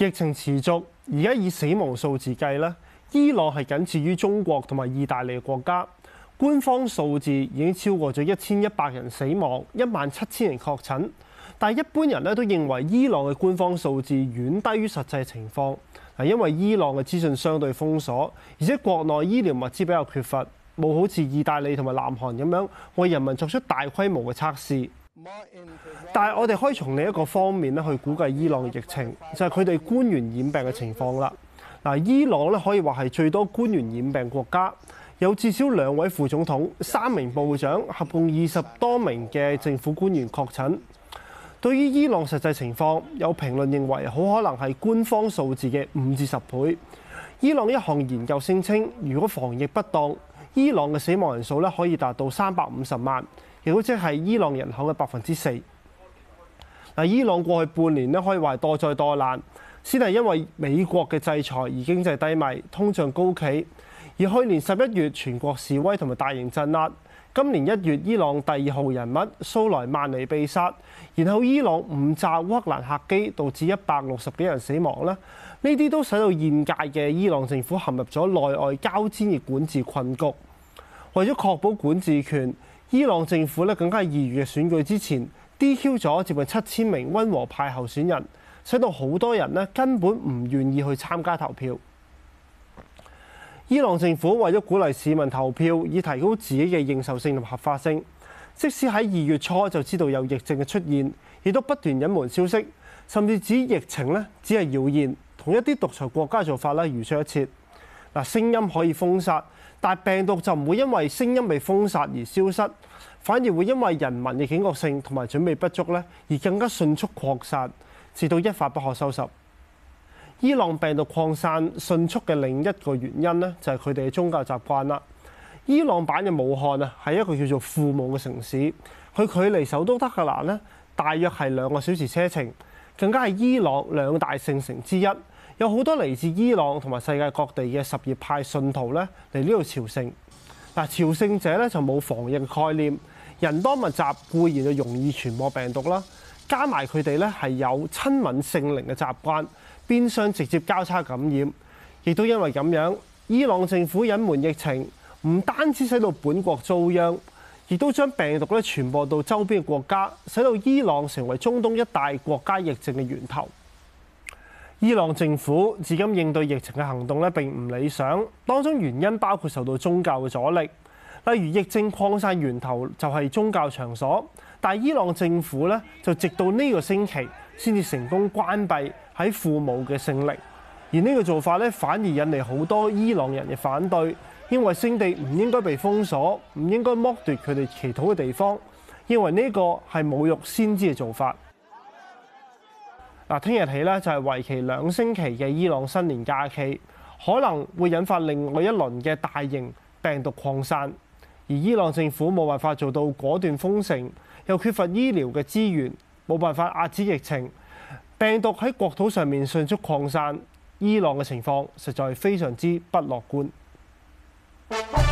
疫情持續，而家以死亡數字計咧，伊朗係僅次於中國同埋意大利嘅國家。官方數字已經超過咗一千一百人死亡，一萬七千人確診。但係一般人咧都認為伊朗嘅官方數字遠低於實際情況，係因為伊朗嘅資訊相對封鎖，而且國內醫療物資比較缺乏，冇好似意大利同埋南韓咁樣為人民作出大規模嘅測試。但係我哋可以從呢一個方面咧去估計伊朗嘅疫情，就係佢哋官員染病嘅情況啦。嗱，伊朗咧可以話係最多官員染病國家，有至少兩位副總統、三名部長，合共二十多名嘅政府官員確診。對於伊朗實際情況，有評論認為好可能係官方數字嘅五至十倍。伊朗一項研究聲稱，如果防疫不當，伊朗嘅死亡人數咧可以達到三百五十萬。亦都即係伊朗人口嘅百分之四。嗱，伊朗過去半年咧可以話係多災多難，先係因為美國嘅制裁而經濟低迷、通脹高企。而去年十一月全國示威同埋大型鎮壓，今年一月伊朗第二號人物蘇萊曼尼被殺，然後伊朗誤炸烏克蘭客機，導致一百六十幾人死亡啦。呢啲都使到現屆嘅伊朗政府陷入咗內外交煎嘅管治困局。為咗確保管治權，伊朗政府咧更加喺二月嘅選舉之前，DQ 咗接近七千名溫和派候選人，使到好多人咧根本唔願意去參加投票。伊朗政府為咗鼓勵市民投票，以提高自己嘅認受性同合法性，即使喺二月初就知道有疫症嘅出現，亦都不斷隱瞞消息，甚至指疫情咧只係謠言，同一啲獨裁國家做法啦，如出一轍。嗱，聲音可以封殺，但病毒就唔會因為聲音被封殺而消失，反而會因為人民嘅警覺性同埋準備不足咧，而更加迅速擴散，直到一發不可收拾。伊朗病毒擴散迅速嘅另一個原因咧，就係佢哋嘅宗教習慣啦。伊朗版嘅武漢啊，係一個叫做庫姆嘅城市，佢距離首都德黑蘭咧，大約係兩個小時車程，更加係伊朗兩大聖城之一。有好多嚟自伊朗同埋世界各地嘅什葉派信徒咧嚟呢度朝聖。嗱，朝聖者咧就冇防疫概念，人多密集，固然就容易傳播病毒啦。加埋佢哋咧係有親吻聖靈嘅習慣，變相直接交叉感染。亦都因為咁樣，伊朗政府隱瞞疫情，唔單止使到本國遭殃，亦都將病毒咧傳播到周邊嘅國家，使到伊朗成為中東一帶國家疫症嘅源頭。伊朗政府至今應對疫情嘅行動咧並唔理想，當中原因包括受到宗教嘅阻力，例如疫症擴散源頭就係宗教場所，但係伊朗政府咧就直到呢個星期先至成功關閉喺庫姆嘅聖陵，而呢個做法咧反而引嚟好多伊朗人嘅反對，因為聖地唔應該被封鎖，唔應該剝奪佢哋祈禱嘅地方，認為呢個係侮辱先知嘅做法。嗱，聽日起呢就係為期兩星期嘅伊朗新年假期，可能會引發另外一輪嘅大型病毒擴散。而伊朗政府冇辦法做到果斷封城，又缺乏醫療嘅資源，冇辦法壓止疫情，病毒喺國土上面迅速擴散，伊朗嘅情況實在非常之不樂觀。